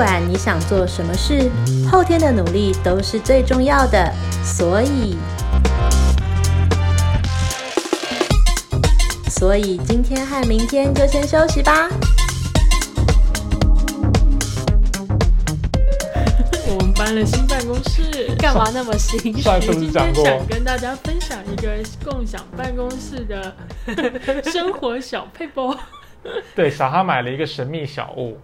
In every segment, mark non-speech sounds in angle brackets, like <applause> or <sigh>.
不管你想做什麼事，後天的努力都是最重要的。所以，所以今天和明天就先休息吧。我們搬了新辦公室， <laughs> 幹嘛那麼心虛？ <laughs> 今天想跟大家分享一個共享辦公室的生活小撇步。 <laughs> 對，小哈買了一個神秘小物。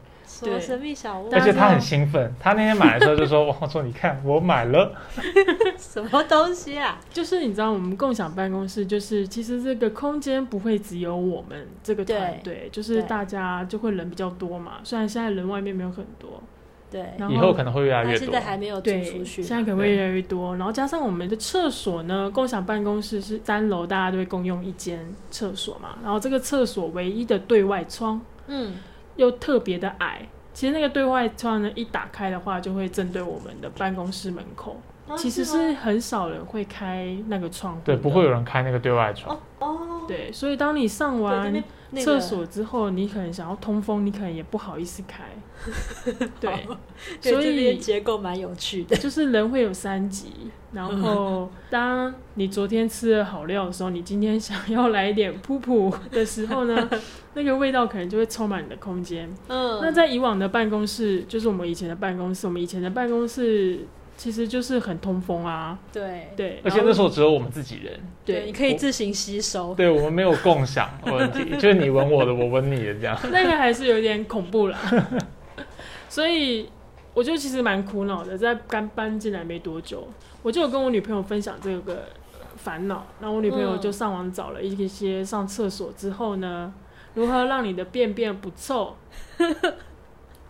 對，神秘小屋，而且他很興奮。 <laughs> 他那天買的時候就說：“我說你看我買了 <laughs> 什麼東西啊？”就是你知道，我們共享辦公室就是其實這個空間不會只有我們這個團隊，就是大家就會人比較多嘛。雖然現在人外面沒有很多，對，然後以後可能會越來越多。現在還沒有擠出去對，現在可能會越來越多。然後加上我們的廁所呢，共享辦公室是三樓，大家都會共用一間廁所嘛。然後這個廁所唯一的對外窗，嗯。又特別的矮，其實那個對外窗呢，一打開的話，就會正對我們的辦公室門口，啊。其實是很少人會開那個窗。對，不會有人開那個對外窗，哦哦。對，所以當你上完。那個、廁所之後，你可能想要通風，你可能也不好意思開。 <laughs> 對，所以，所以結構蠻有趣的。就是人會有三急， <laughs> 然後當你昨天吃了好料的時候，你今天想要來一點噗噗的時候呢， <laughs> 那個味道可能就會充滿你的空間。嗯，那在以往的辦公室，就是我們以前的辦公室，我們以前的辦公室。其實就是很通風啊，對對，而且那時候只有我們自己人，對，對你可以自行吸收，對，我們沒有共享的 <laughs> 問題，就是你聞我的， <laughs> 我聞你的這樣，那個還是有點恐怖啦。 <laughs> 所以我覺得其實蠻苦惱的，在剛搬進來沒多久，我就有跟我女朋友分享這個煩惱，然後我女朋友就上網找了一些上廁所之後呢，如何讓你的便便不臭。 <laughs>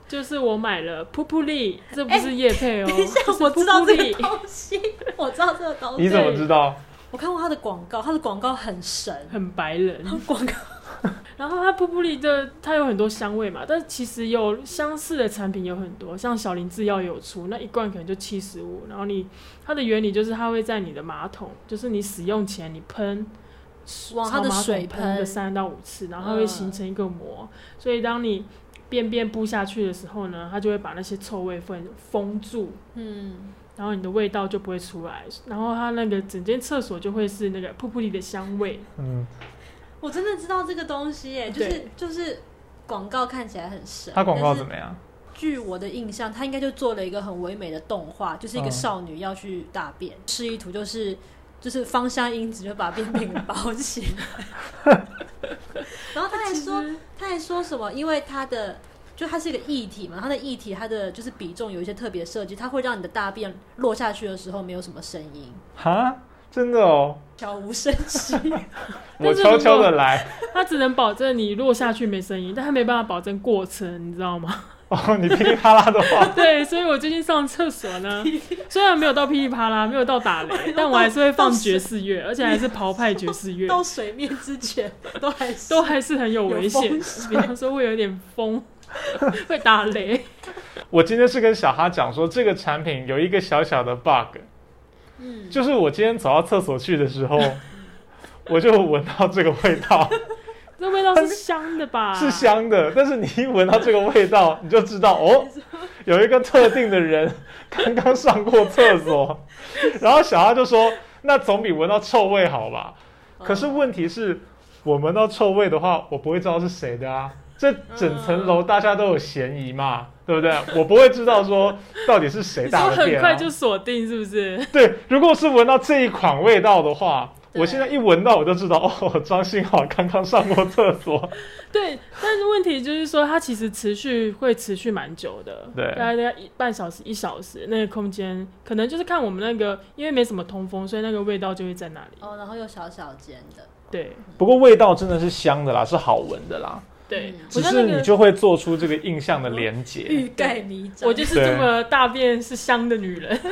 就是我買了撲撲利，這不是業配哦、欸。等一下、就是撲撲，我知道這個東西，我知道這個東西。 <laughs> 你怎麼知道？我看過他的廣告，他的廣告很神，很白人。廣告。 <laughs> 然後他撲撲利，的，它有很多香味嘛，但其實有相似的產品有很多，像小林製藥有出那一罐可能就七十五。然後你它的原理就是它會在你的馬桶，就是你使用前你噴，他的水噴個三到五次，然後它會形成一個膜，嗯、所以當你。便便布下去的時候呢，它就會把那些臭味分封住，嗯，然後你的味道就不會出來，然後它那個整間廁所就會是那個撲撲裡的香味，嗯，我真的知道這個東西耶，就是就是廣告看起來很神，它廣告怎麼樣？據我的印象，它應該就做了一個很唯美的動畫，就是一個少女要去大便示意、嗯、圖、就是，就是就是芳香因子就把便便給包起來。 <laughs> 然後他還說，他還說什麼？因為它的，就它是一個液體嘛，它的液體它的就是比重有一些特別設計，它會讓你的大便落下去的時候沒有什麼聲音。哈，真的哦，悄無聲息， <laughs> 我悄悄的來。它只能保證你落下去沒聲音，但它沒辦法保證過程，你知道嗎？哦，你噼裡啪啦的話。 <laughs> 對，所以我最近上廁所呢，雖然沒有到噼裡啪啦，沒有到打雷，我但我還是會放爵士樂，而且還是跑趴爵士樂。到水面之前都還是都還是很有危險，比方說會有一點風， <laughs> 會打雷。我今天是跟小哈講說，這個產品有一個小小的 bug，、嗯、就是我今天走到廁所去的時候， <laughs> 我就聞到這個味道。 <laughs> 那味道是香的吧？它是，是香的，但是你一聞到這個味道，你就知道哦，有一個特定的人剛剛上過廁所。 <laughs> 然後小孩就說：“那總比聞到臭味好吧？”可是問題是我聞到臭味的話，我不會知道是誰的啊。這整層樓大家都有嫌疑嘛，嗯、對不對？我不會知道說到底是誰打的電、啊、很快就鎖定是不是？對，如果是聞到這一款味道的話。我現在一聞到，我就知道哦，張新好剛剛上過廁所。 <laughs> 對，但是問題就是說，它其實持續會持續蠻久的，對，大概，大概一半小時、一小時，那個空間可能就是看我們那個，因為沒什麼通風，所以那個味道就會在那裡。哦，然後又小小間的。對、嗯，不過味道真的是香的啦，是好聞的啦、嗯。對，只是你就會做出這個印象的連結。欲蓋彌彰。我就是這麼大便是香的女人。 <laughs>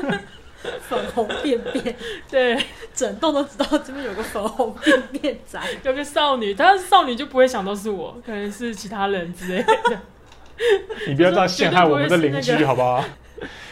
粉紅便便，對，整棟都知道這邊有個粉紅便便仔， <laughs> 有個少女，但是少女就不會想到是我，可能是其他人之類的。你 <laughs> <laughs> 不要這樣陷害我們的鄰居好不好？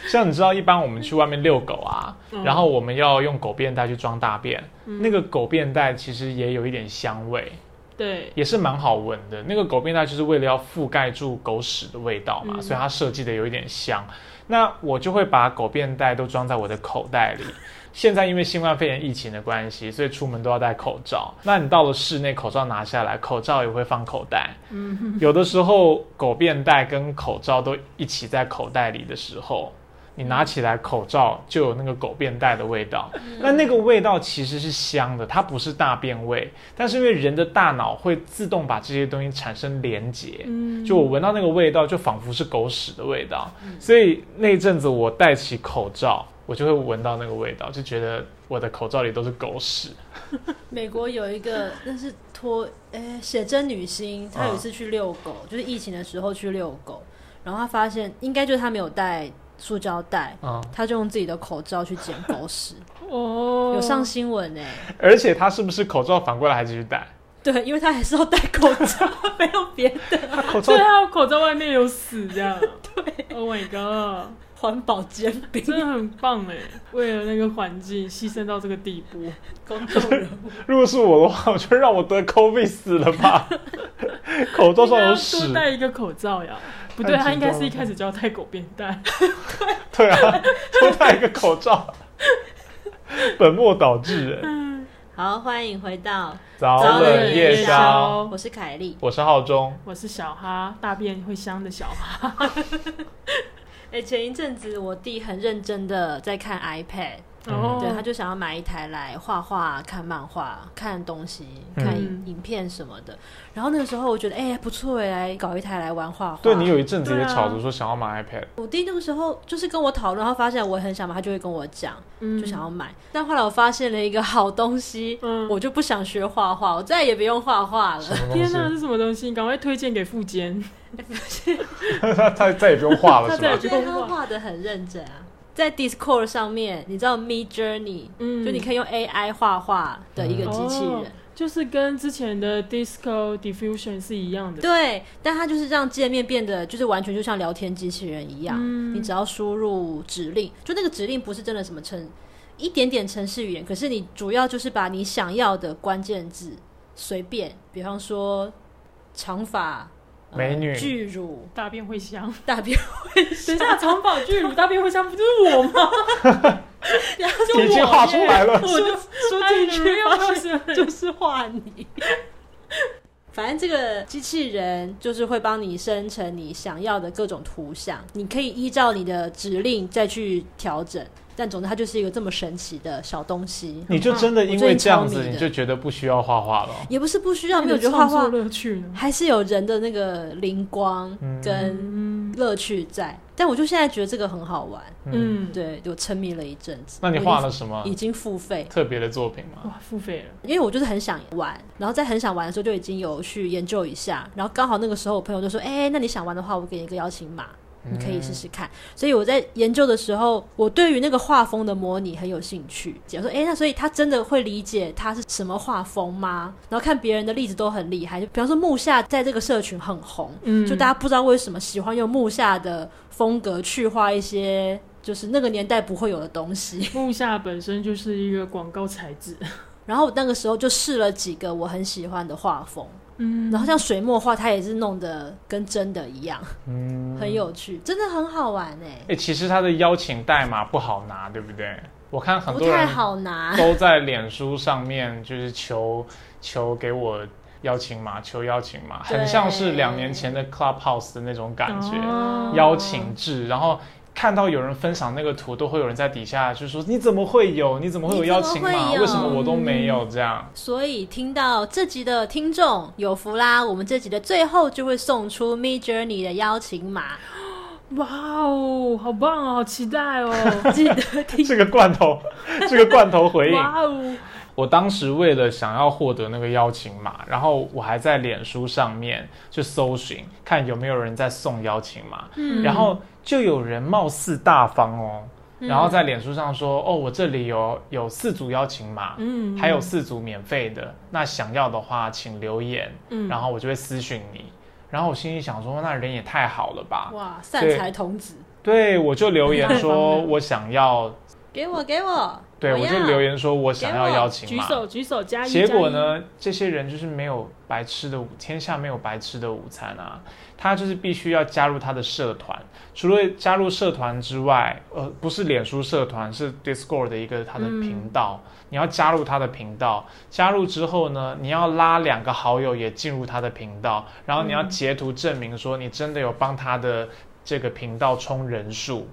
像你知道，一般我們去外面遛狗，啊，嗯、然後我們要用狗便袋去裝大便、嗯，那個狗便袋其實也有一點香味，對，也是蠻好聞的。那個狗便袋就是為了要覆蓋住狗屎的味道嘛，嗯、所以它設計的有一點香。那我就會把狗便袋都裝在我的口袋裡。現在因為新冠肺炎疫情的關係，所以出門都要戴口罩。那你到了室內，口罩拿下來，口罩也會放口袋。有的時候狗便袋跟口罩都一起在口袋裡的時候。你拿起來口罩就有那個狗便帶的味道，嗯，那那個味道其實是香的，它不是大便味。但是因為人的大腦會自動把這些東西產生連結，嗯，就我聞到那個味道，就仿佛是狗屎的味道。嗯，所以那陣子我戴起口罩，我就會聞到那個味道，就覺得我的口罩裡都是狗屎。美國有一個那是脫誒寫真女星，她有一次去遛狗，啊，就是疫情的時候去遛狗，然後她發現應該就是她沒有帶。塑膠袋、嗯，他就用自己的口罩去撿狗屎， <laughs> 哦，有上新聞哎、欸。而且他是不是口罩反過來還繼續戴？對，因為他還是要戴口罩， <laughs> 沒有別的、啊。他口罩，對，他口罩外面有屎這樣。 <laughs> 對，Oh my God，環保尖兵， <laughs> 真的很棒哎、欸！為了那個環境，犧牲到這個地步， <laughs> 公眾人物，如果是我的話，我就讓我得 Covid 死了吧。 <laughs> 口罩上有屎，多戴一個口罩呀。不對、啊，他應該是一開始就要帶狗便袋。 <laughs> 對啊，就 <laughs> 戴一個口罩， <laughs> <laughs> 本末倒置。嗯，好，歡迎回到早冷夜宵，我是凱麗，我是浩中，我是小哈，大便會香的小哈。哎、 <laughs> <laughs> 欸，前一陣子我弟很認真的在看 iPad。嗯嗯、對，他就想要買一台來畫畫、看漫畫、看東西、看影、嗯、影片什麼的。然後那個時候，我覺得哎、欸、不錯哎，搞一台來玩畫畫。對，你有一陣子也吵着說想要買 iPad。啊、我弟那個時候就是跟我討論，他發現我很想買，他就會跟我講、嗯，就想要買。但後來我發現了一個好東西，嗯、我就不想學畫畫，我再也不用畫畫了。天哪，這什麼東西？趕 <laughs> 快推薦給富堅。他 <laughs> <laughs> 他再也不用畫了， <laughs> 了，是吧？他畫得很認真啊。在 Discord 上面，你知道 Midjourney、嗯、就你可以用 AI 畫畫的一個機器人、嗯哦，就是跟之前的 Disco Diffusion 是一樣的。對，但它就是讓界面變得就是完全就像聊天機器人一樣，嗯、你只要輸入指令，就那個指令不是真的什麼程，一點點程式語言，可是你主要就是把你想要的關鍵字隨便，比方說長髮。美女、呃、巨乳大便會香，大便會香。 <laughs> 等一下，藏寶巨乳大便會香，不就是我嗎？直接畫出來了。 <laughs> 我就 <laughs> I、說說巨乳要畫什 <laughs> 就是畫你。反正這個機器人就是會幫你生成你想要的各種圖像，你可以依照你的指令再去調整。但總之，它就是一個這麼神奇的小東西。你就真的因為這樣子，啊、你就覺得不需要畫畫了？也不是不需要，沒有覺得畫畫樂趣呢，還是有人的那個靈光跟樂趣在、嗯。但我就現在覺得這個很好玩，嗯，對，我沉迷了一陣子。那你畫了什麼？已經付費特別的作品嗎？哇，付費了！因為我就是很想玩，然後在很想玩的時候，就已經有去研究一下。然後剛好那個時候，我朋友就說：“哎、欸，那你想玩的話，我給你一個邀請碼。”你可以試試看。嗯，所以我在研究的時候，我對於那個畫風的模擬很有興趣。假如說，哎、欸，那所以他真的會理解他是什麼畫風嗎？然後看別人的例子都很厲害，就比方說木下在這個社群很紅，嗯，就大家不知道為什麼喜歡用木下的風格去畫一些就是那個年代不會有的東西。木下本身就是一個廣告材質， <laughs> 然後我那個時候就試了幾個我很喜歡的畫風。嗯，然後像水墨畫，它也是弄得跟真的一樣，嗯，很有趣，真的很好玩，哎、欸欸。其實它的邀請代碼不好拿，對不對？我看很多人不太好拿，都在臉書上面就是求求給我邀請碼，求邀請碼，很像是兩年前的 Clubhouse 的那種感覺，哦、邀請制，然後。看到有人分享那個圖，都會有人在底下就說：“你怎麼會有？你怎麼會有邀請碼？為什麼我都沒有、嗯？”這樣，所以聽到這集的聽眾有福啦！我們這集的最後就會送出 Midjourney 的邀請碼。哇哦，好棒哦，好期待哦！記得聽這個罐頭，這個罐頭回應。哇哦！我當時為了想要獲得那個邀請碼，然後我還在臉書上面去搜尋，看有沒有人在送邀請碼。嗯，然後就有人貌似大方哦，嗯，然後在臉書上說：“哦，我這裡有有四組邀請碼，嗯，嗯，還有四組免費的。那想要的話，請留言，嗯，然後我就會私訊你。然後我心裡想說，那人也太好了吧？哇，善財童子。對，我就留言說我想要， <laughs> 給我，給我。”對，我就留言說，我想要邀請嘛。舉手，舉手加一，加一。結果呢，這些人就是沒有白吃的午，天下沒有白吃的午餐啊。他就是必須要加入他的社團，除了加入社團之外，呃，不是臉書社團，是 Discord 的一個他的頻道。嗯。你要加入他的頻道，加入之後呢，你要拉兩個好友也進入他的頻道，然後你要截圖證明說你真的有幫他的這個頻道充人數。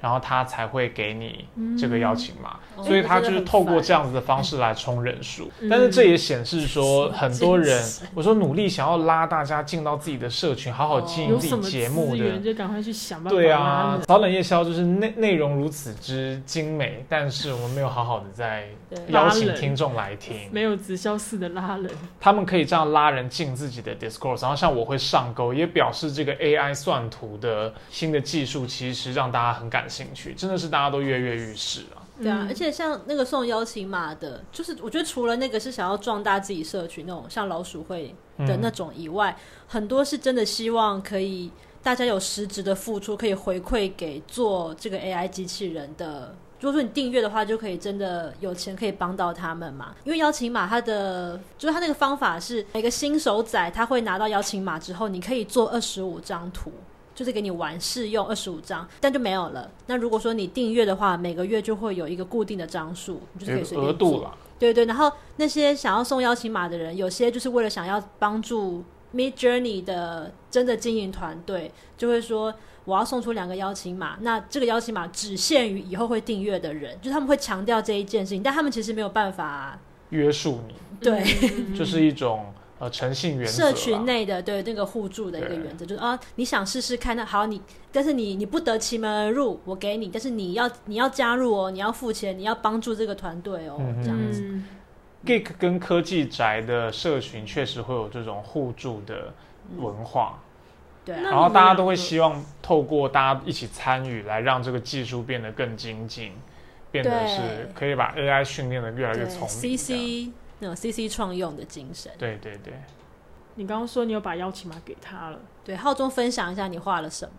然後他才會給你這個邀請碼、嗯，所以他就是透過這樣子的方式來充人數。但是這也顯示說，很多人我說努力想要拉大家進到自己的社群，好好經營、哦、自己節目的，的。就趕快去想辦法辦法對啊，早冷夜宵就是內內容如此之精美，但是我們沒有好好的在邀請聽眾來聽，沒有直銷式的拉人。他們可以這樣拉人進自己的 Discord，然後像我會上鈎，也表示這個 AI 算圖的新的技術其實讓大家很感。興趣真的是大家都躍躍欲試啊！對啊，而且像那個送邀請碼的，就是我覺得除了那個是想要壯大自己社群那種，像老鼠會的那種以外，嗯，很多是真的希望可以大家有實質的付出，可以回饋給做這個 AI 機器人的。如果說你訂閱的話，就可以真的有錢可以幫到他們嘛。因為邀請碼它的就是它那個方法是每個新手仔他會拿到邀請碼之後，你可以做二十五張圖。就是給你玩試用二十五張，但就沒有了。那如果說你訂閱的話，每個月就會有一個固定的張數，就可以隨便用額度了，對對。然後那些想要送邀請碼的人，有些就是為了想要幫助 Midjourney 的真的經營團隊，就會說我要送出兩個邀請碼。那這個邀請碼只限於以後會訂閱的人，就是、他們會強調這一件事情，但他們其實沒有辦法、啊、約束你。對，嗯、就是一種。呃，誠信原則，社群內的對那個互助的一個原則就是啊，你想試試看那好，你，但是你你不得其門而入，我給你，但是你要你要加入哦，你要付錢，你要幫助這個團隊哦，嗯、這樣子、嗯。Geek 跟科技宅的社群確實會有這種互助的文化，嗯、對、啊，然後大家都會希望透過大家一起參與來讓這個技術變得更精進，變得是可以把 AI 訓練得越來越從 C C。那種 C C 創用的精神。對對對，你剛剛說你有把邀請碼給他了，對，浩中分享一下你畫了什麼？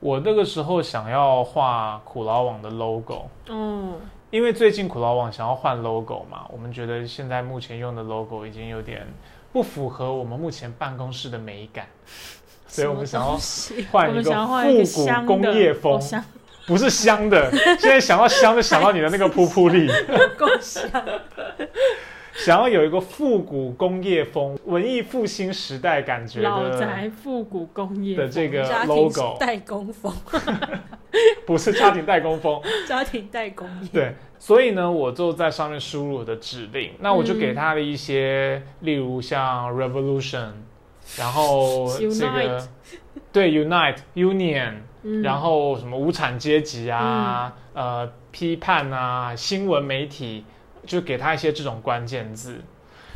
我那個時候想要畫苦勞網的 logo，嗯，因為最近苦勞網想要換 logo 嘛，我們覺得現在目前用的 logo 已經有點不符合我們目前辦公室的美感，所以我們想要換一個復古工業風，古古工業風。哦，不是香的。現在想到香就想到你的那個噗噗力，夠 <laughs> 香的。想要有一個復古工業風、文藝復興時代感覺的老宅復古工業的這個 logo 代工風， <laughs> <laughs> 不是家庭代工風，家庭代工對。所以呢，我就在上面輸入我的指令，那我就給他了一些、嗯，例如像 Revolution，然後這個 <laughs> 對 Unite Union，、嗯、然後什麼無產階級啊、嗯，呃，批判啊，新聞媒體。就給他一些這種關鍵字，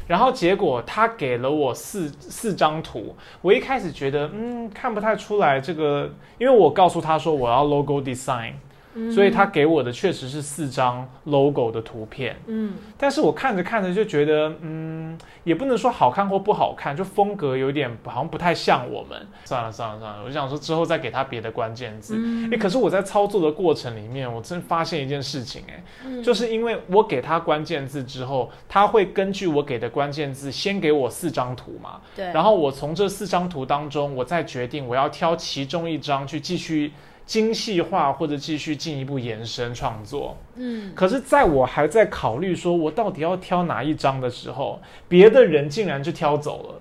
然後結果他給了我四四張圖，我一開始覺得嗯，看不太出來這個，因為我告訴他說我要 logo design。所以他給我的確實是四張 logo 的圖片，嗯，但是我看着看着就覺得，嗯，也不能說好看或不好看，就風格有點好像不太像我們。算了算了算了，我想說之後再給他別的關鍵字。嗯，欸，可是我在操作的過程裡面，我真發現一件事情欸，嗯，就是因為我給他關鍵字之後，他會根據我給的關鍵字先給我四張圖嘛，對，然後我從這四張圖當中，我再決定我要挑其中一張去繼續。精細化或者繼續進一步延伸創作，嗯，可是在我還在考慮說我到底要挑哪一張的時候，別的人竟然就挑走了，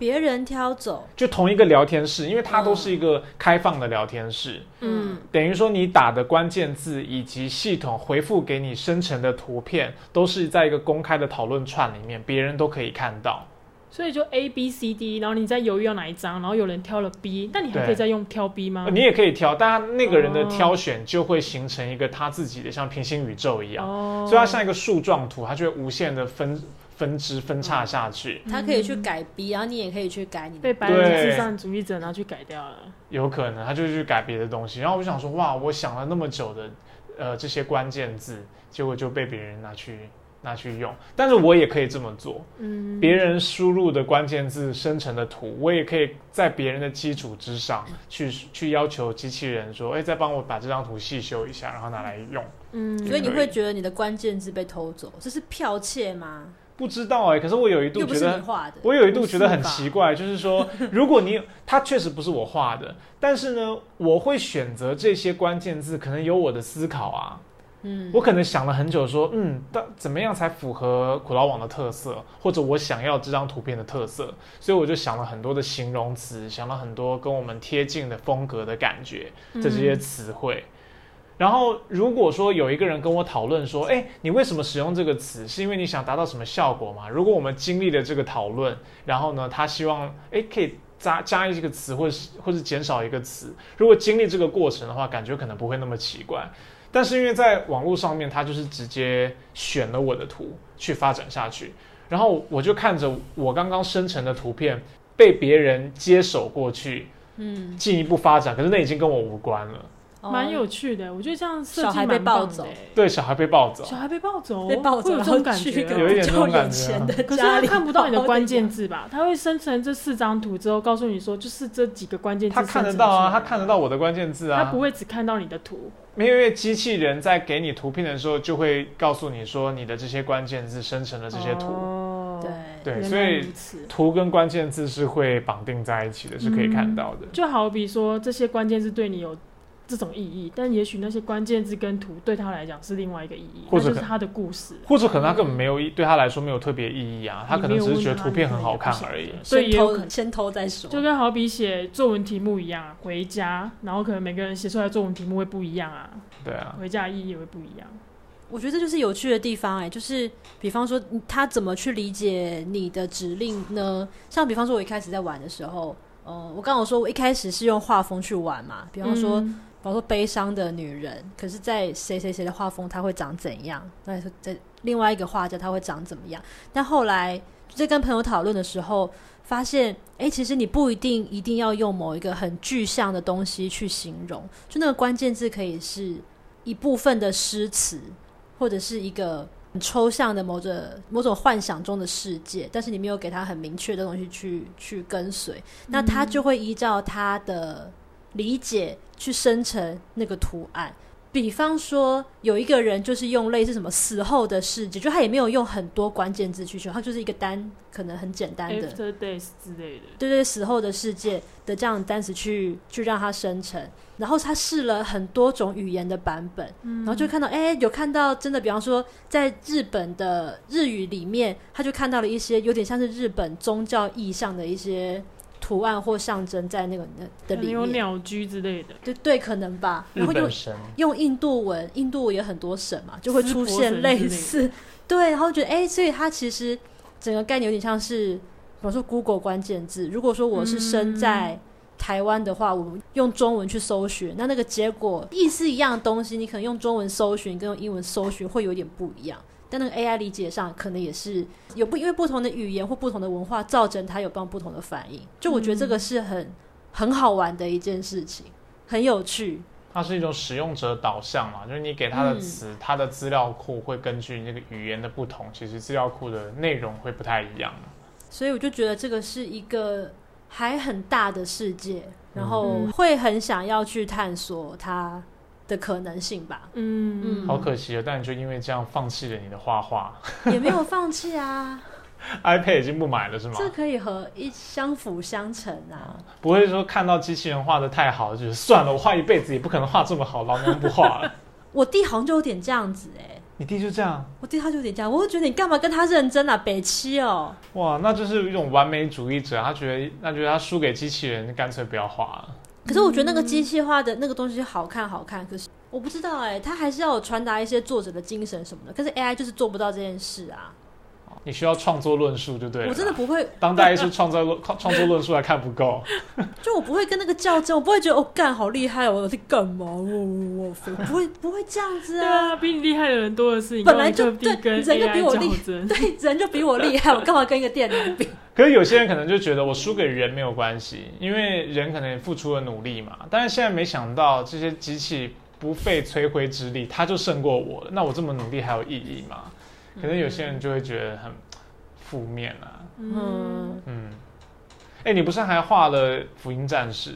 別人挑走，就同一個聊天室，因為它都是一個開放的聊天室，嗯，等於說你打的關鍵字以及系統回復給你生成的圖片，都是在一個公開的討論串裡面，別人都可以看到。所以就 A B C D，然後你在猶豫要哪一張，然後有人挑了 B，那你還可以再用挑 B 嗎？你也可以挑，大家那個人的挑選就會形成一個他自己的，像平行宇宙一樣，哦，所以它像一個樹狀圖，它就會無限的分分支分叉下去，嗯。他可以去改 B，然後你也可以去改你的 B，被白人至上的主義者拿去改掉了，有可能他就去改別的東西。然後我想說，哇，我想了那麼久的，呃，這些關鍵字，結果就被別人拿去。拿去用，但是我也可以這麼做。嗯，別人輸入的關鍵字生成的圖，我也可以在別人的基礎之上去去要求機器人說，哎、欸，再幫我把這張圖細修一下，然後拿來用。嗯，所以你會覺得你的關鍵字被偷走，這是剽竊嗎？不知道哎、欸，可是我有一度覺得，我有一度覺得很奇怪，是就是說，如果你它確實不是我畫的， <laughs> 但是呢，我會選擇這些關鍵字，可能有我的思考啊。嗯，我可能想了很久說，說嗯，但怎麼樣才符合苦勞網的特色，或者我想要這張圖片的特色，所以我就想了很多的形容詞，想了很多跟我們貼近的風格的感覺這些詞彙、嗯。然後如果說有一個人跟我討論說，哎，你為什麼使用這個詞？是因為你想達到什麼效果嗎？如果我們經歷了這個討論，然後呢，他希望哎可以加加一個詞，或是或是減少一個詞，如果經歷這個過程的話，感覺可能不會那麼奇怪。但是因為在網絡上面，他就是直接選了我的圖去發展下去，然後我就看着我剛剛生成的圖片被別人接手過去，嗯，進一步發展，可是那已經跟我無關了。蠻、嗯、有趣的，我覺得這樣設計蠻棒的。小孩被抱走。對，小孩被抱走。小孩被抱走，我走會有這種感覺後個前的，有一點這種感覺、啊。可是他看不到你的關鍵字吧？他會生成這四張圖之後，告訴你說就是這幾個關鍵字。他看得到啊，他看得到我的關鍵字啊。他不會只看到你的圖，沒有，因為機器人在給你圖片的時候，就會告訴你說你的這些關鍵字生成了這些圖。哦、對對，所以圖跟關鍵字是會綁定在一起的，是可以看到的。嗯、就好比說，這些關鍵字對你有這種意義，但也許那些關鍵字跟圖對他來講是另外一個意義，或者是他的故事。或者可能他根本沒有意，對他來說沒有特別意義啊，他可能只是覺得圖片很好看而已。所以先，先偷再說，就跟好比寫作文題目一樣，回家，然後可能每個人寫出來作文題目會不一樣啊。對啊，回家意義也會不一樣。我覺得這就是有趣的地方哎、欸，就是比方說他怎麼去理解你的指令呢？像比方說我一開始在玩的時候，嗯、呃，我剛剛說我一開始是用畫風去玩嘛，比方說、嗯。包括說悲傷的女人，可是，在誰誰誰的畫風，她會長怎樣？那在另外一個畫家，她會長怎麼樣？但後來就在跟朋友討論的時候，發現，哎，其實你不一定一定要用某一個很具象的東西去形容，就那個關鍵字可以是一部分的詩詞，或者是一個很抽象的某種某種幻想中的世界，但是你沒有給他很明確的東西去去跟隨，那他就會依照他的理解。嗯去生成那個圖案，比方說有一個人就是用類似什麼死後的世界，就他也沒有用很多關鍵字去求，他就是一個單可能很簡單的，after days 之類的，對對，死後的世界的這樣的單詞去去讓它生成，然後他試了很多種語言的版本，嗯、然後就看到，哎，有看到真的，比方說在日本的日語裡面，他就看到了一些有點像是日本宗教意象的一些。圖案或象徵在那個的裡面，有鳥居之類的，對對，可能吧。然後就用，用印度文，印度文也很多神嘛，就會出現類似，類對，然後覺得誒、欸，所以它其實整個概念有點像是，比如說 Google 關鍵字。如果說我是生在台灣的話，嗯，我用中文去搜尋，那那個結果意思一樣的東西，你可能用中文搜尋跟用英文搜尋會有點不一樣。在那個 AI 理解上，可能也是有不因為不同的語言或不同的文化，造成它有幫不同的反應。就我覺得這個是很、嗯、很好玩的一件事情，很有趣。它是一種使用者導向嘛，就是你給它的詞，它、嗯、的資料庫會根據那個語言的不同，其實資料庫的內容會不太一樣。所以我就覺得這個是一個還很大的世界，然後會很想要去探索它的可能性吧，嗯，嗯，好可惜啊、哦！但你就因為這樣放棄了你的畫畫，也沒有放棄啊。 <laughs> iPad 已經不買了是嗎？這可以和 AI 相輔相成啊，不會說看到機器人畫的太好，就是算了，我畫一輩子也不可能畫這麼好，老娘不畫了。 <laughs> 我弟好像就有點這樣子哎、欸，你弟就這樣？我弟他就有點這樣，我就覺得你幹嘛跟他認真啊，北七哦。哇，那就是一種完美主義者，他覺得那覺得他輸給機器人，乾脆不要畫了。可是我覺得那個機器化的那個東西好看，好看，嗯、可是我不知道哎、欸，它還是要有傳達一些作者的精神什麼的，可是 AI 就是做不到這件事啊。你需要創作論述，對不對？我真的不會當代藝術創作論創 <laughs> 作論述還看不夠，就我不會跟那個較真，我不會覺得哦，幹好厲害，哦，我在幹嘛？我，哦，我不會不會這樣子啊！對啊，比你厲害的人多的是，本來就跟對人就比我厲害， <laughs> 對人就比我厲害。我幹嘛跟一個電腦比？ <laughs> 可是有些人可能就覺得我輸給人沒有關係，因為人可能也付出了努力嘛。但是現在沒想到這些機器不費吹灰之力，他就勝過我了。那我這麼努力還有意義嗎？可能有些人就會覺得很負面啊嗯。嗯嗯，哎、欸，你不是還畫了福音戰士？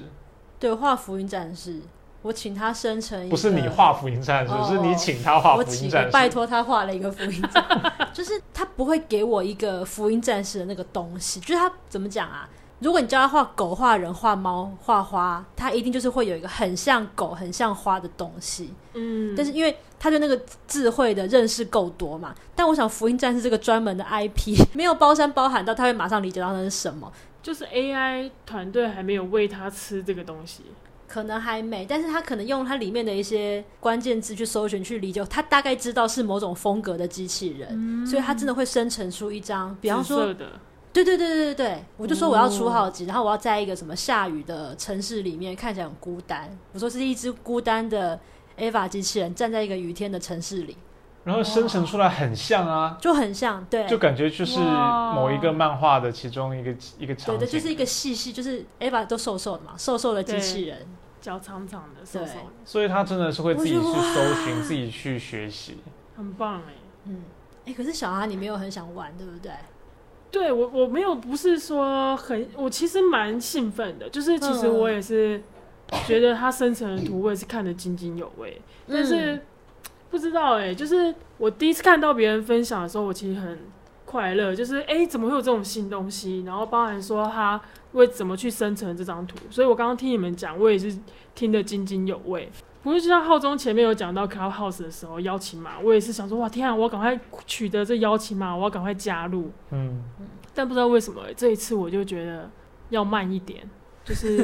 對，畫福音戰士，我請他生成一個。一不是你畫福音戰士，哦、是你請他畫福音戰士。哦、我拜托他畫了一個福音戰士， <laughs> 就是他不會給我一個福音戰士的那個東西，就是他怎麼講啊？如果你教他畫狗、畫人、畫貓、畫花，他一定就是會有一個很像狗、很像花的東西。嗯，但是因為他對那個智慧的認識夠多嘛，但我想福音戰士這個專門的 IP 沒有包山包含到，他會馬上理解到那是什麼。就是 AI 團隊還沒有餵他吃這個東西，可能還沒，但是他可能用它裡面的一些關鍵字去搜尋、去理解，他大概知道是某種風格的機器人，嗯，所以他真的會生成出一張，比方說。對對對對對，對我就說我要出好集、哦，然後我要在一個什麼下雨的城市裡面，看起來很孤單。我說是一隻孤單的 EVA 機器人站在一個雨天的城市裡，然後生成出來很像啊，就很像，對，就感覺就是某一個漫畫的其中一個一個場景對，對，就是一個細細就是 EVA 都瘦瘦的嘛，瘦瘦的機器人，腳長長的瘦瘦，對，所以它真的是會自己去搜尋，自己去學習，很棒哎，嗯，哎，可是小阿你沒有很想玩，對不對？對，我我沒有不是說很我其實蠻興奮的，就是其實我也是覺得它生成的圖，我也是看得津津有味，但是、嗯、不知道哎、欸，就是我第一次看到別人分享的時候，我其實很快樂，就是哎、欸、怎麼會有這種新東西？然後包含說它會怎麼去生成這張圖？所以我剛剛聽你們講，我也是聽得津津有味。不是，就像浩中前面有講到 Clubhouse 的時候邀請碼，我也是想說哇天啊，我要趕快取得這邀請碼，我要趕快加入。嗯，但不知道為什麼、欸、這一次我就覺得要慢一點， <laughs> 就是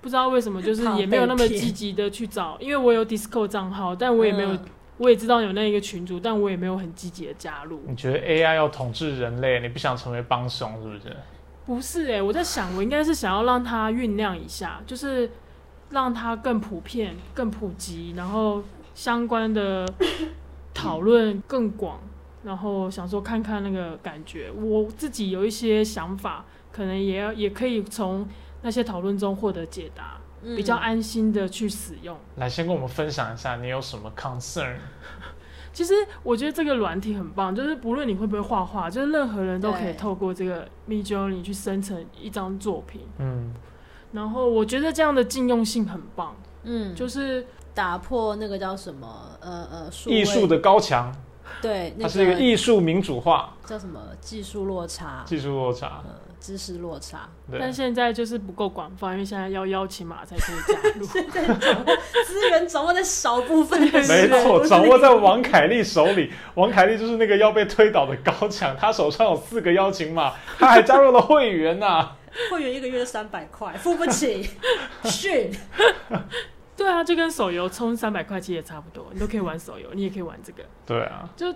不知道為什麼，就是也沒有那麼積極的去找，因為我有 Discord 賬號，但我也沒有，嗯、我也知道有那一個群組，但我也沒有很積極的加入。你覺得 AI 要統治人類，你不想成為幫兇是不是？不是哎、欸，我在想，我應該是想要讓它醞釀一下，就是。讓它更普遍，更普及，然後相關的討論更廣， <coughs> 然後想說看看那個感覺。我自己有一些想法，可能也要也可以從那些討論中獲得解答，嗯，比較安心的去使用。來，先跟我們分享一下你有什麼 concern。 <laughs> 其實我覺得這個軟體很棒，就是不論你會不會畫畫，就是任何人都可以透過這個 Midjourney 去生成一張作品。嗯。然後我覺得這樣的禁用性很棒，嗯，就是打破那個叫什麼呃呃藝術的高牆，對、那個，它是一個藝術民主化，叫什麼技術落差，技術落差，呃、知識落差對，但現在就是不夠廣泛，因為現在要邀請碼才可以加入， <laughs> 現在掌講握 <laughs> 資源掌握在少部分人，沒錯，掌握在王凱麗手裡， <laughs> 王凱麗就是那個要被推倒的高牆，她手上有四個邀請碼，她還加入了會員呢、啊。 <laughs> 會員一個月三百塊，付不起，遜 <laughs> <laughs> 對啊，就跟手遊充三百塊其實也差不多，你都可以玩手遊， <laughs> 你也可以玩這個。對啊，就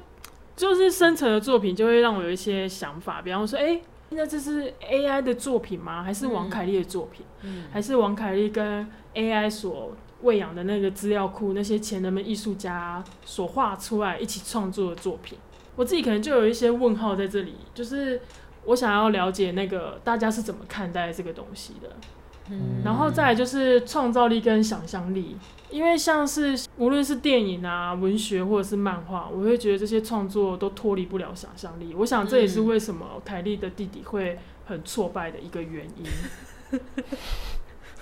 就是生成的作品就會讓我有一些想法，比方說，哎、欸，那這是 AI 的作品嗎？還是王凱麗的作品？嗯、還是王凱麗跟 AI 所餵養的那個資料庫那些前人們藝術家所畫出來一起創作的作品？我自己可能就有一些問號在這裡，就是。我想要了解那個大家是怎麼看待這個東西的，然後再來就是創造力跟想象力，因為像是無論是電影啊、文學或者是漫畫，我會覺得這些創作都脫離不了想象力。我想這也是為什麼凱利的弟弟會很挫敗的一個原因，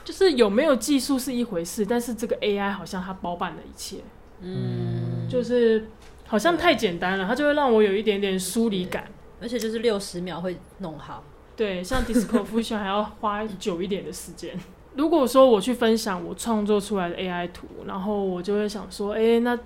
就是有沒有技術是一回事，但是這個 AI 好像它包辦了一切，嗯，就是好像太簡單了，它就會讓我有一點點疏離感。而且就是六十秒會弄好，對，像 Disco Diffusion 還要花久一點的時間。 <laughs> 如果說我去分享我創作出來的 AI 圖，然後我就會想說，哎、欸，那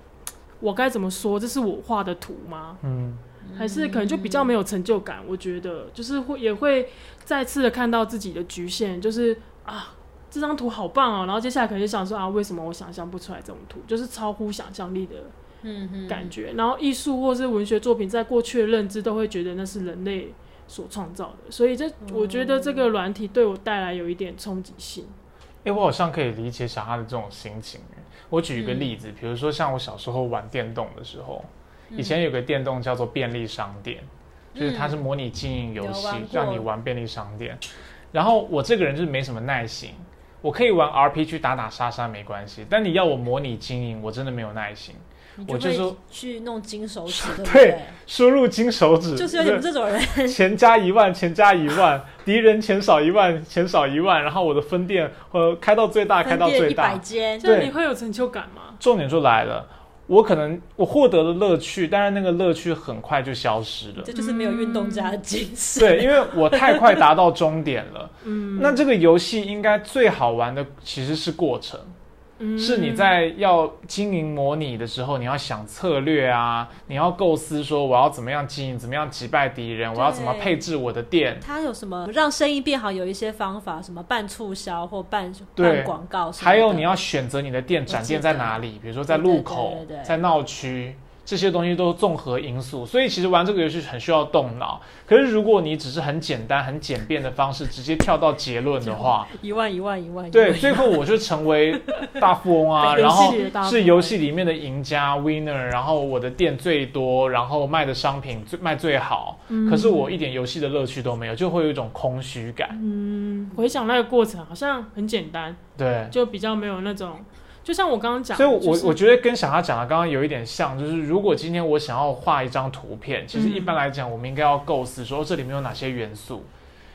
我該怎麼說？這是我畫的圖嗎？嗯，還是可能就比較沒有成就感。我覺得就是會也會再次的看到自己的局限，就是啊，這張圖好棒哦。然後接下來可能就想說啊，為什麼我想象不出來這種圖？就是超乎想象力的。嗯， <noise> 感覺，然後藝術或是文學作品，在過去的認知都會覺得那是人類所創造的，所以這我覺得這個軟體對我帶來有一點衝擊性。哎、嗯，欸，我好像可以理解小哈的這種心情。我舉一個例子，嗯，比如說像我小時候玩電動的時候，以前有個電動叫做便利商店，嗯，就是它是模擬經營遊戲，讓你玩便利商店。然後我這個人就是沒什麼耐心，我可以玩 RPG 打打殺殺沒關係，但你要我模擬經營，我真的沒有耐心。我就是去弄金手指，對，輸入金手指，就是有你們這種人，錢加一萬，錢加一萬，敵 <laughs> 人錢少一萬，錢少一萬，然後我的分店呃開到最大，開到最大，一百間，對，你會有成就感嗎？重點就來了，我可能我獲得了樂趣，但是那個樂趣很快就消失了，這就是沒有運動家的精神，對，因為我太快達到終點了，嗯，那這個遊戲應該最好玩的其實是過程。是你在要經營模擬的時候，你要想策略啊，你要構思說我要怎麼樣經營，怎麼樣擊敗敵人，我要怎麼配置我的店。它有什麼讓生意變好？有一些方法，什麼辦促銷或辦辦廣告什麼的。還有你要選擇你的店，展店在哪裡？比如說在路口，對對對對在鬧區。這些東西都是綜合因素，所以其實玩這個遊戲很需要動腦。可是如果你只是很簡單、很簡便的方式，直接跳到結論的話， <laughs> 一萬一萬一萬，對，最後我就成為大富翁啊，然後是遊戲裡面的贏家 （winner），然後我的店最多，然後賣的商品最賣最好、嗯，可是我一點遊戲的樂趣都沒有，就會有一種空虛感。嗯，回想那個過程，好像很簡單，對，就比較沒有那種。就像我剛剛講的，所以我，我、就是、我覺得跟小哈講的剛剛有一點像，就是如果今天我想要畫一張圖片，其實一般來講，我們應該要構思說這裡面有哪些元素、嗯，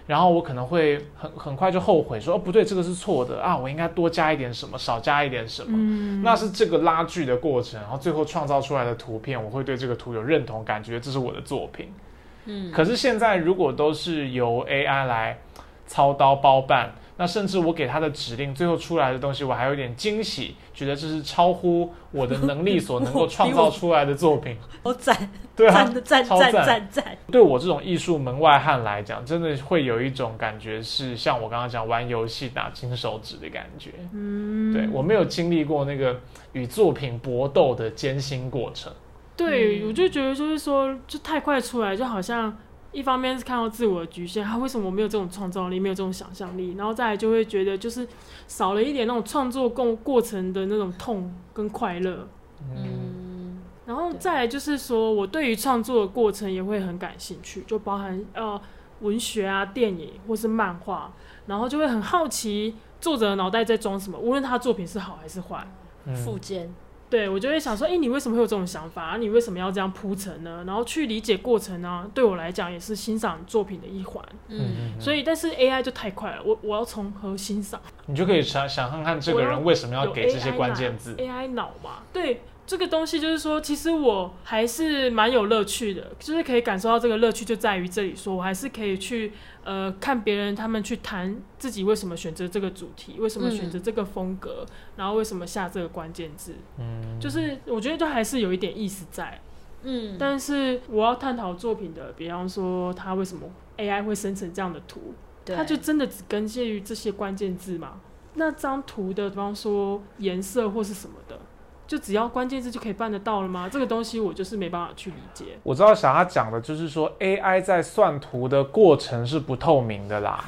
然後我可能會很很快就後悔說哦，不對，這個是錯的啊，我應該多加一點什麼，少加一點什麼。嗯，那是這個拉鋸的過程，然後最後創造出來的圖片，我會對這個圖有認同感覺，這是我的作品。嗯，可是現在如果都是由 AI 來操刀包辦。那甚至我給他的指令，最後出來的東西，我還有點驚喜，覺得這是超乎我的能力所能夠創造出來的作品。好讚、嗯！對啊，讚讚！對我這種藝術門外漢來講，真的會有一種感覺，是像我剛剛講玩遊戲打金手指的感覺。嗯，對，我沒有經歷過那個與作品搏鬥的艱辛過程。對，嗯、我就覺得就是說，就太快出來，就好像。一方面是看到自我的侷限，他、啊、為什麼沒有這種創造力，沒有這種想象力？然後再來就會覺得就是少了一點那種創作過過程的那種痛跟快樂。嗯，然後再來就是說對我對於創作的過程也會很感興趣，就包含呃文學啊、電影或是漫畫，然後就會很好奇作者的腦袋在裝什麼，無論他作品是好還是壞，附、嗯、件。對，我就會想說，哎、欸，你為什麼會有這種想法？啊，你為什麼要這樣鋪陳呢？然後去理解過程呢、啊？對我來講也是欣賞作品的一環。嗯，所以但是 AI 就太快了，我我要從何欣賞？你就可以想想看看這個人為什麼要給這些關鍵字有有？AI 腦嘛，對。這個東西就是說，其實我還是蠻有樂趣的，就是可以感受到這個樂趣就在於這裡說，說我還是可以去呃看別人他們去談自己為什麼選擇這個主題，為什麼選擇這個風格，嗯、然後為什麼下這個關鍵字，嗯，就是我覺得都還是有一點意思在，嗯。但是我要探討作品的，比方說它為什麼 AI 會生成這樣的圖，對它就真的只根據這些關鍵字嗎？那張圖的，比方說顏色或是什麼的？就只要關鍵字就可以辦得到了嗎？這個東西我就是沒辦法去理解。我知道小哈講的就是說，AI 在算圖的過程是不透明的啦。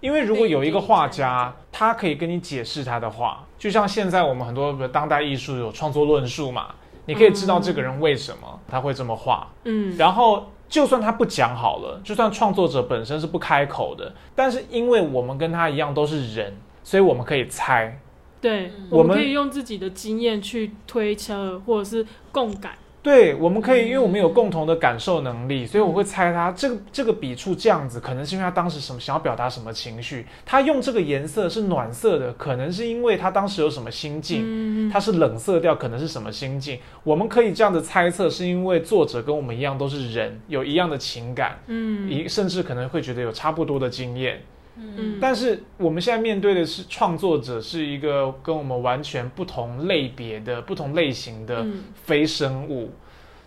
因為如果有一個畫家，他可以跟你解釋他的畫，就像現在我們很多當代藝術有創作論述嘛，你可以知道這個人為什麼他會這麼畫。嗯，然後就算他不講好了，就算創作者本身是不開口的，但是因為我們跟他一樣都是人，所以我們可以猜。對，我們可以用自己的經驗去推測，或者是共感，嗯。對，我們可以，因為我們有共同的感受能力，所以我會猜他這個這個筆觸這樣子，可能是因為他當時什麼想要表達什麼情緒。他用這個顏色是暖色的，嗯，可能是因為他當時有什麼心境。嗯，他是冷色調，可能是什麼心境？我們可以這樣的猜測，是因為作者跟我們一樣都是人，有一樣的情感。嗯，一甚至可能會覺得有差不多的經驗。嗯，但是我們現在面對的是創作者，是一個跟我們完全不同類別的、不同類型的非生物，嗯。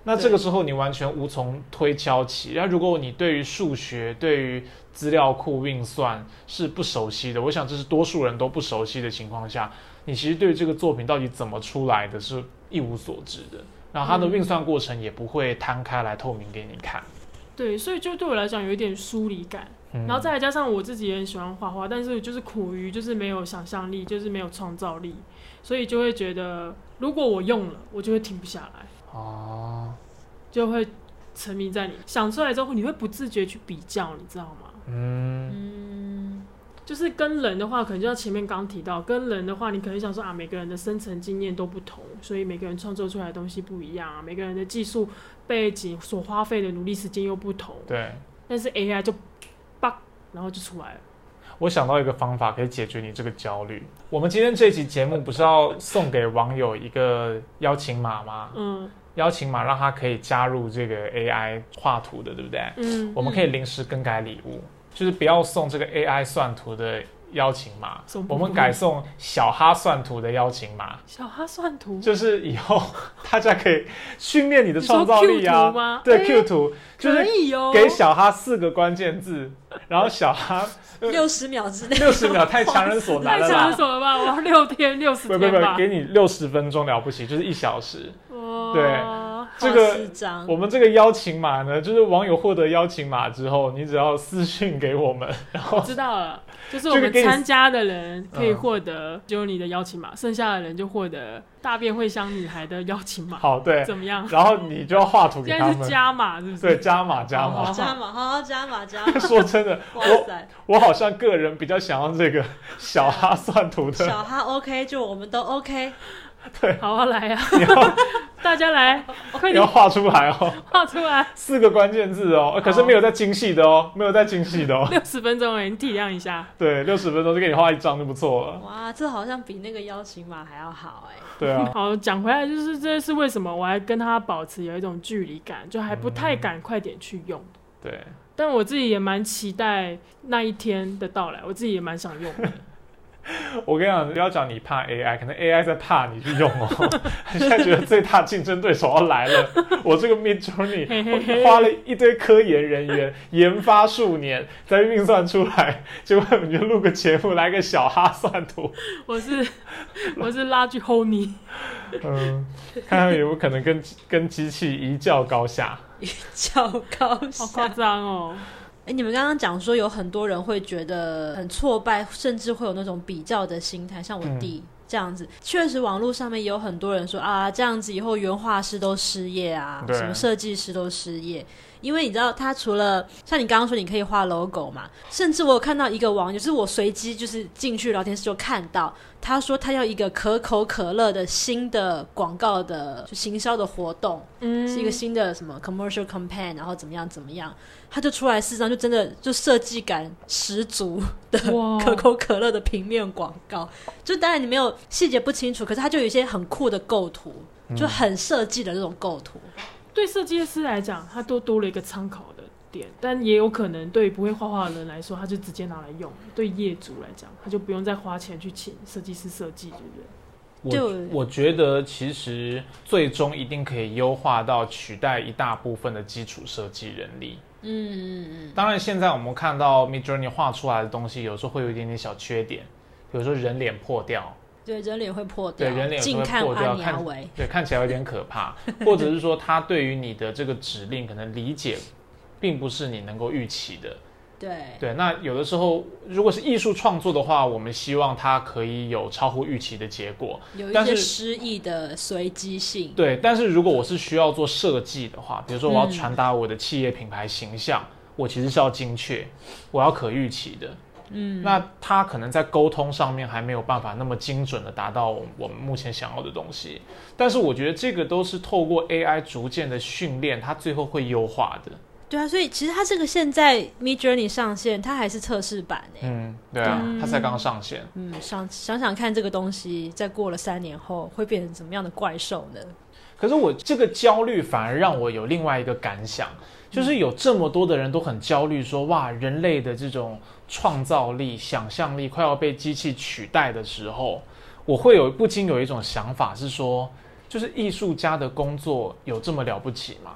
那這個時候你完全無從推敲起。然後，如果你對於數學、對於資料庫運算是不熟悉的，我想這是多數人都不熟悉的情況下，你其實對於這個作品到底怎麼出來的是一無所知的。然後，它的運算過程也不會攤開來透明給你看。對，所以就對我來講有一點疏離感。然後再來加上我自己也很喜歡畫畫，但是就是苦於就是沒有想象力，就是沒有創造力，所以就會覺得如果我用了，我就會停不下來，哦、啊，就會沉迷在你想出來之後，你會不自覺去比較，你知道嗎？嗯嗯，就是跟人的話，可能就像前面剛提到，跟人的話，你可能想說啊，每個人的生存經驗都不同，所以每個人創作出來的東西不一樣啊，每個人的技術背景所花費的努力時間又不同，對，但是 AI 就。然後就出來了。我想到一個方法可以解決你這個焦慮。我們今天這期節目不是要送給網友一個邀請碼嗎？嗯，邀請碼讓他可以加入這個 AI 畫圖的，對不對？嗯，嗯，我們可以臨時更改禮物，嗯，就是不要送這個 AI 算圖的邀請碼，不不不，我們改送小哈算圖的邀請碼。小哈算圖就是以後大家可以訓練你的創造力啊。對，Q 圖，對，欸 Q 圖哦，就是給小哈四個關鍵字。然後小哈六十、嗯、秒之內，六十秒太強人所難了太強人所難了吧，我要六天六十天不不不，給你六十分鐘了不起，就是一小時。哦、對，這個我們這個邀請碼呢，就是網友獲得邀請碼之後，你只要私訊給我們，然後知道了。就是我們參加的人可以獲得 j o e 的邀請碼，嗯，剩下的人就獲得大便會香女孩的邀請碼。好，對，怎麼樣？然後你就要畫圖給現在是加碼是不是？對，加碼加碼加碼，好，好加碼加碼。加碼 <laughs> 說真的，哇塞，我我好像個人比較想要這個小哈算圖的。小哈 OK，就我們都 OK。好啊，來啊， <laughs> 大家來， <laughs> 你要畫出來哦、喔，畫 <laughs> 出來，四個關鍵字哦、喔，可是沒有再精細的哦、喔，沒有再精細的哦、喔。六十分鐘、欸，你體諒一下。對，六十分鐘就給你畫一張就不錯了。哇，這好像比那個邀請碼還要好哎、欸。對啊。好，講回來就是，這是為什麼我還跟他保持有一種距離感，就還不太敢快點去用。嗯、對。但我自己也蠻期待那一天的到來，我自己也蠻想用的。 <laughs> 我跟你講，不要講你怕 AI，可能 AI 在怕你去用哦。現 <laughs> 在覺得最大競爭對手要來了， <laughs> 我這個 Midjourney， <laughs> 我花了一堆科研人員 <laughs> 研發數年再運算出來，結果你就錄個節目來個小哈算圖。我是我是 Large Honey，嗯，看看有沒有可能跟跟機器一較高下， <laughs> 一較高下，好誇張哦。哎，你們剛剛講說有很多人會覺得很挫敗，甚至會有那種比較的心態，像我弟、嗯、這樣子。確實，網絡上面也有很多人說啊，這樣子以後原畫師都失業啊，什麼設計師都失業。因為你知道，他除了像你剛剛說，你可以畫 logo 嘛，甚至我有看到一個網友，就是我隨機就是進去聊天室就看到，他說他要一個可口可樂的新的廣告的就行銷的活動，嗯，是一個新的什麼 commercial campaign，然後怎麼樣怎麼樣，他就出來四張，就真的就設計感十足的可口可樂的平面廣告，就當然你沒有細節不清楚，可是他就有一些很酷的構圖，就很設計的這種構圖。嗯。對設計師來講，他都多了一個參考的點，但也有可能對不會畫畫的人來說，他就直接拿來用。對業主來講，他就不用再花錢去請設計師設計，對不對？我我覺得其實最終一定可以優化到取代一大部分的基礎設計人力。嗯嗯嗯。當然，現在我們看到 Midjourney 畫出來的東西，有時候會有一點點小缺點，比如說人臉破掉。對，人臉會破掉，近看阿娘眉，對，看起來有點可怕。 <laughs> 或者是說，它對於你的這個指令可能理解，並不是你能夠預期的。對，對。那有的時候，如果是藝術創作的話，我們希望它可以有超乎預期的結果，有一些詩意的隨機性。對，但是如果我是需要做設計的話，比如說我要傳達我的企業品牌形象，嗯、我其實是要精確，我要可預期的。嗯，那他可能在溝通上面還沒有辦法那麼精準地達到我們目前想要的東西，但是我覺得這個都是透過 AI 逐漸的訓練，它最後會優化的。對啊，所以其實它這個現在 Midjourney 上線，它還是測試版，嗯，對啊、嗯，它才剛上線。嗯，想想想看，這個東西在過了三年後會變成怎麼樣的怪獸呢？可是我這個焦慮反而讓我有另外一個感想。嗯就是有這麼多的人都很焦慮說，說哇，人類的這種創造力、想象力快要被機器取代的時候，我會有不禁有一種想法是說，就是藝術家的工作有這麼了不起嗎？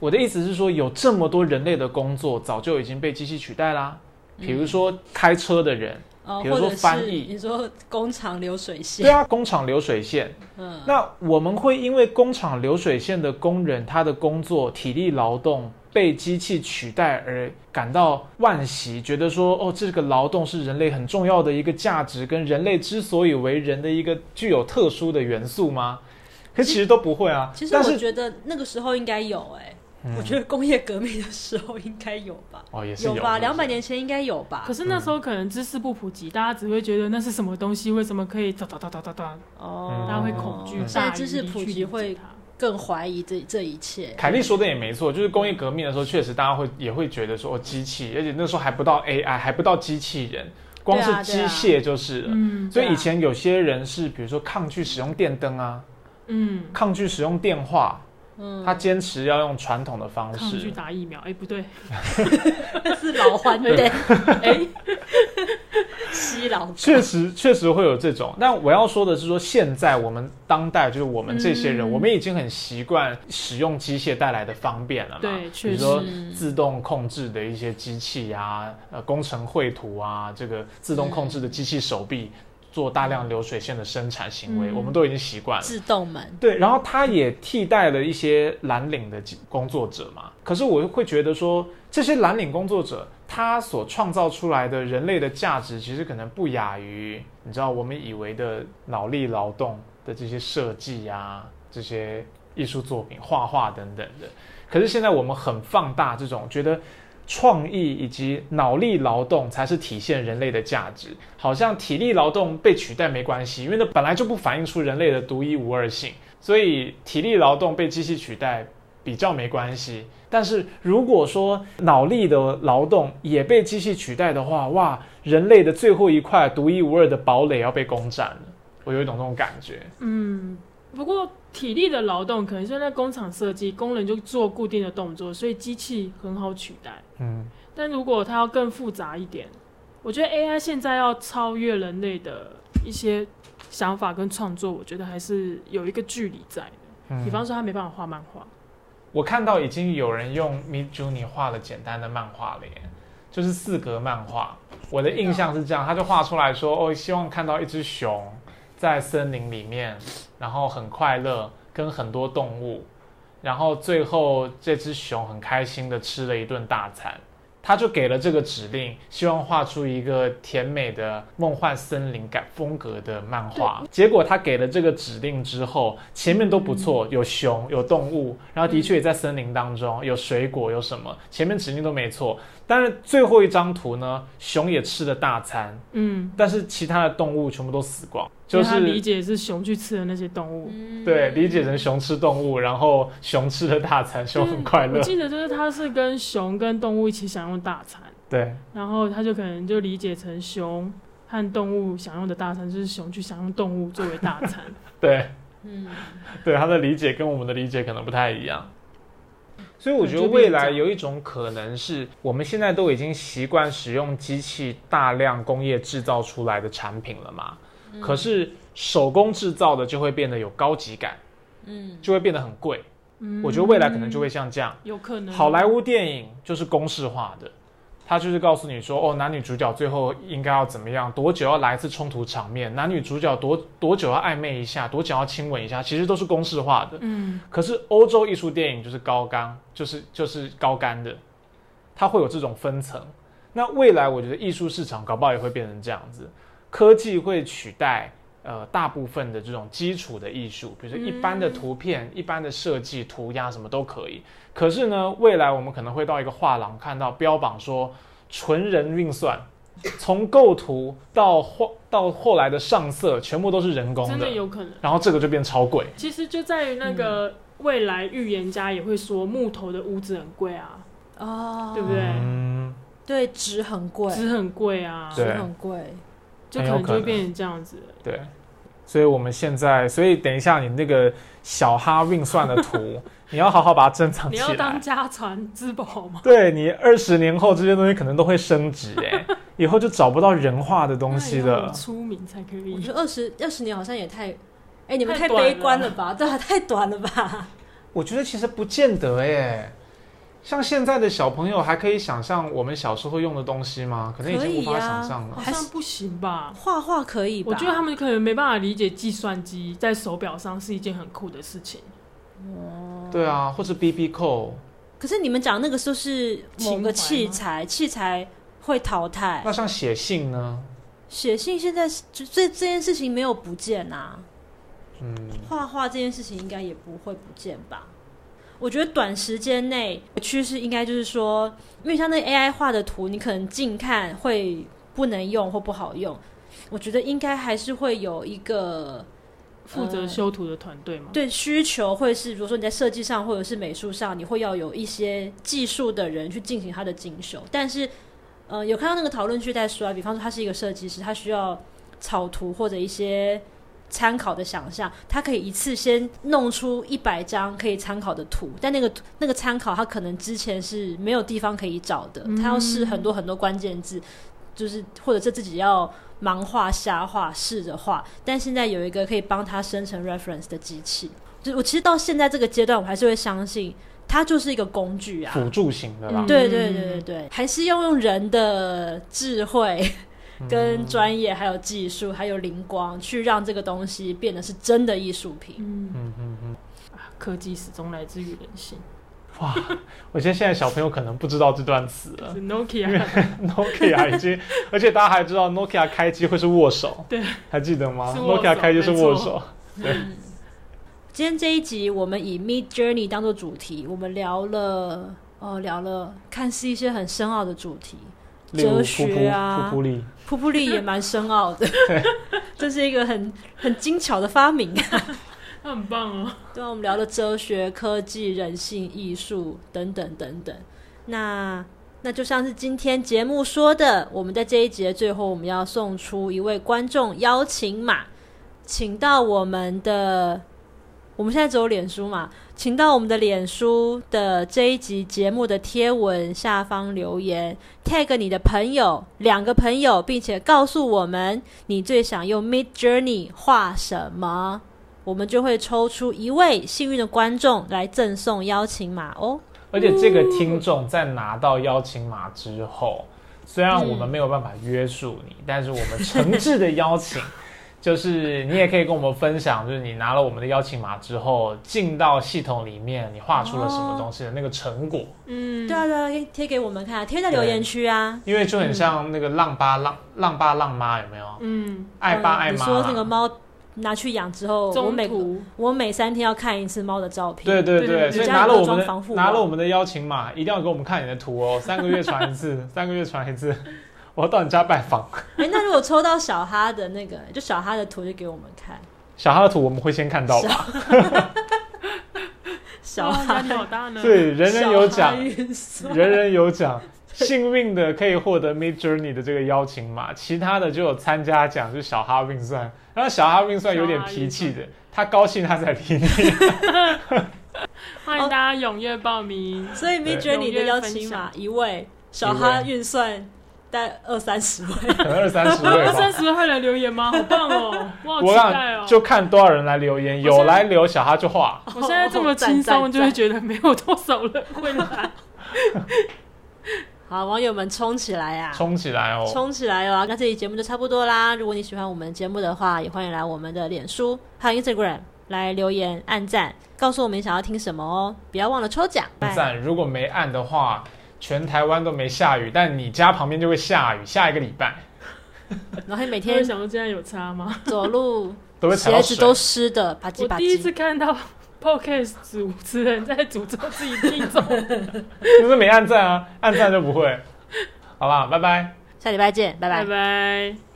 我的意思是說，有這麼多人類的工作早就已經被機器取代啦，啊，比如說開車的人，嗯，比如說翻譯，或者是你說工廠流水線，對啊，工廠流水線，嗯，那我們會因為工廠流水線的工人他的工作體力勞動。被機器取代而感到惋惜，覺得說哦，這個勞動，是人類很重要的一個價值，跟人類之所以為人的一個具有特殊的元素嗎？可其實都不會啊。其實，其實我覺得那個時候應該有哎、欸嗯，我覺得工業革命的時候應該有吧，哦也是有，有吧，兩百年前應該有吧。可是那時候可能知識不普及，大家只會覺得那是什麼東西，為什麼可以噠噠噠噠噠噠哦，大家會恐懼大。現、嗯、在知識普及會。更懷疑這這一切。凱利說的也沒錯，就是工業革命的時候，確實大家會也會覺得說、哦、機器，而且那時候還不到 AI，還不到機器人，光是機械就是了。對啊、對啊。所以以前有些人是，比如說抗拒使用電燈啊，對啊、抗拒使用電話。嗯嗯、他堅持要用傳統的方式去打疫苗。哎、欸，不對， <laughs> <laughs> 是勞不患 <laughs> 對哎，吸 <laughs> 勞、欸。 <laughs> 確實，確實會有這種。但我要說的是，說現在我們當代就是我們這些人、嗯，我們已經很習慣使用機械帶來的方便了嘛？對，確實。比如說自動控制的一些機器啊，呃，工程繪圖啊，這個自動控制的機器手臂。嗯嗯做大量流水線的生產行為，嗯、我們都已經習慣了。自動門。對，然後它也替代了一些藍領的工作者嘛。可是我會覺得說，這些藍領工作者他所創造出來的人類的價值，其實可能不亞於你知道我們以為的腦力勞動的這些設計啊、這些藝術作品、畫畫等等的。可是現在我們很放大這種覺得，創意以及腦力勞動才是體現人類的價值，好像體力勞動被取代沒關係，因為那本來就不反映出人類的獨一無二性，所以體力勞動被機器取代比較沒關係。但是如果說腦力的勞動也被機器取代的話，哇，人類的最後一塊獨一無二的堡壘要被攻占了，我有一種這種感覺。嗯，不過。體力的勞動，可能像在工廠設計，工人就做固定的動作，所以機器很好取代。嗯，但如果它要更複雜一點，我覺得 AI 現在要超越人類的一些想法跟創作，我覺得還是有一個距離在的。嗯，比方說，它沒辦法畫漫畫。我看到已經有人用 Midjourney 畫了簡單的漫畫了，就是四格漫畫。我的印象是這樣，他就畫出來說：“哦，希望看到一隻熊。”在森林裡面，然後很快樂，跟很多動物，然後最後這隻熊很開心地吃了一頓大餐，他就給了這個指令，希望畫出一個甜美的夢幻森林感風格的漫畫。結果他給了這個指令之後，前面都不錯，有熊，有動物，然後的確也在森林當中，有水果，有什麼，前面指令都沒錯。但是最後一張圖呢，熊也吃了大餐，嗯，但是其他的動物全部都死光，就是他理解是熊去吃的那些動物、嗯，對，理解成熊吃動物，然後熊吃的大餐，熊很快樂。就是、我記得就是它是跟熊跟動物一起享用大餐，對，然後他就可能就理解成熊和動物享用的大餐，就是熊去享用動物作為大餐， <laughs> 對，嗯，對，他的理解跟我們的理解可能不太一樣。所以我覺得未來有一種可能是，我們現在都已經習慣使用機器大量工業制造出來的產品了嘛。可是手工制造的就會變得有高級感，嗯，就會變得很貴。嗯，我覺得未來可能就會像這樣，有可能。好萊塢電影就是公式化的。他就是告訴你說，哦，男女主角最後應該要怎麼樣？多久要來一次衝突場面？男女主角多多久要曖昧一下？多久要親吻一下？其實都是公式化的。嗯。可是歐洲藝術電影就是高竿，就是就是高竿的，它會有這種分層。那未來我覺得藝術市場搞不好也會變成這樣子，科技會取代。呃，大部分的這種基礎的藝術，比如說一般的圖片、嗯、一般的設計、塗鴉什麼都可以。可是呢，未來我們可能會到一個畫廊，看到標榜說純人運算，從構圖到畫到後來的上色，全部都是人工的，真的有可能。然後這個就變超貴。其實就在於那個未來預言家也會說，木頭的屋子很貴啊，啊、嗯，對不對？嗯，對，紙很貴，紙很貴啊，紙很貴。就可能就會變成這樣子。欸，對，所以我們現在，所以等一下，你那個小哈運算的圖， <laughs> 你要好好把它珍藏起來，你要當家傳之寶嗎？對，你二十年後這些東西可能都會升值哎， <laughs> 以後就找不到人畫的東西了。出名才可以。我覺得二十二十年好像也太，哎、欸，你們太悲觀了吧？對啊， <laughs> 太短了吧？我覺得其實不見得哎。像現在的小朋友還可以想象我們小時候用的東西嗎？可能已經無法想象了。好像、啊、不行吧？畫畫可以吧？我覺得他們可能沒辦法理解計算機在手錶上是一件很酷的事情。哦，對啊，或是 BB call。可是你們講那個時候是某個器材，器材會淘汰。那像寫信呢？寫信現在這這件事情沒有不見啊。嗯。畫畫這件事情應該也不會不見吧？我覺得短時間內趨勢應該就是說，因為像那 AI 畫的圖，你可能近看會不能用或不好用。我覺得應該還是會有一個負責修圖的團隊嘛、呃。對，需求會是，如果說你在設計上或者是美術上，你會要有一些技術的人去進行它的精修。但是，呃，有看到那個討論區在說、啊，比方說他是一個設計師，他需要草圖或者一些。參考的想象，他可以一次先弄出一百張可以參考的圖，但那個那個參考，他可能之前是沒有地方可以找的，嗯、他要試很多很多關鍵字，就是或者是自己要盲畫、瞎畫、試着畫。但現在有一個可以幫他生成 reference 的機器，就我其實到現在這個階段，我還是會相信它就是一個工具啊，輔助型的啦、嗯。對對對對對、嗯，還是要用人的智慧。跟專業，還有技術，還有靈光，去讓這個東西變得是真的藝術品。嗯嗯嗯、啊、科技始終來自於人性。哇，我覺得現在小朋友可能不知道這段詞了。Nokia，Nokia <laughs> 因 <laughs> Nokia 已經， <laughs> 而且大家還知道 Nokia 開機會是握手。對，還記得嗎？Nokia 開機是握手。對。今天這一集，我們以 Midjourney 當做主題，我們聊了哦，聊了看似一些很深奧的主題。哲學啊，普普利也蠻深奧的， <laughs> <laughs> 這是一個很很精巧的發明，啊，那 <laughs> 很棒哦。對，我們聊了哲學、科技、人性、藝術等等等等。那那就像是今天節目說的，我們在這一集最後，我們要送出一位觀眾邀請碼，請到我們的。我們現在只有臉書嘛，請到我們的臉書的這一集節目的貼文下方留言，tag 你的朋友兩個朋友，並且告訴我們你最想用 Midjourney 畫什麼，我們就會抽出一位幸運的觀眾來贈送邀請碼哦。而且這個聽眾在拿到邀請碼之後，雖然我們沒有辦法約束你，嗯、但是我們誠摯的邀請。 <laughs> 就是你也可以跟我們分享，就是你拿了我們的邀請碼之後進到系統裡面，你畫出了什麼東西的那個成果、哦。嗯，對啊、對啊、可以貼給我們看，貼在留言區啊。因為就很像那個浪爸浪浪爸浪媽，有沒有？嗯，愛爸愛媽、啊。說那個貓拿去養之後，我每我每三天要看一次貓的照片。對對對，所以拿了我們的防拿了我們的邀請碼，一定要給我們看你的圖哦，三個月傳一次， <laughs> 三個月傳一次。我要到你家拜訪。哎、欸，那如果抽到小哈的那個，就小哈的圖就給我們看。小哈的圖我們會先看到吧。小哈你好、 <laughs> 哦、大呢？對，人人有獎，人人有獎。幸運的可以獲得 Midjourney 的這個邀請碼，其他的就有參加獎，就小哈運算。然後，小哈運算有點脾氣的，他高興他在理你。歡迎 <laughs> 大家踴躍報名，哦、所以 Midjourney 的邀請碼一位，小哈運算。帶二三十位，二三十位，二三十位來留言嗎？ <laughs> 好棒哦！我哦我就看多少人來留言，有來留小哈就畫。我現在這麼輕鬆，就會覺得沒有多少人會來。 <laughs> 好，網友們衝起來啊！衝起來哦！衝起來哦、啊！那這期節目就差不多啦。如果你喜歡我們節目的話，也歡迎來我們的臉書還有 Instagram 來留言按讚，告訴我們想要聽什麼哦！不要忘了抽獎。按讚，如果沒按的話。全台灣都沒下雨，但你家旁邊就會下雨。下一個禮拜， <laughs> 然後你每天想說這樣有差嗎？走路鞋子都濕的，我第一次看到 podcast 主持人在詛咒自己聽眾， <laughs> <laughs> 就是沒按讚啊，按讚就不會，好吧，拜拜，下禮拜見，拜拜，拜拜。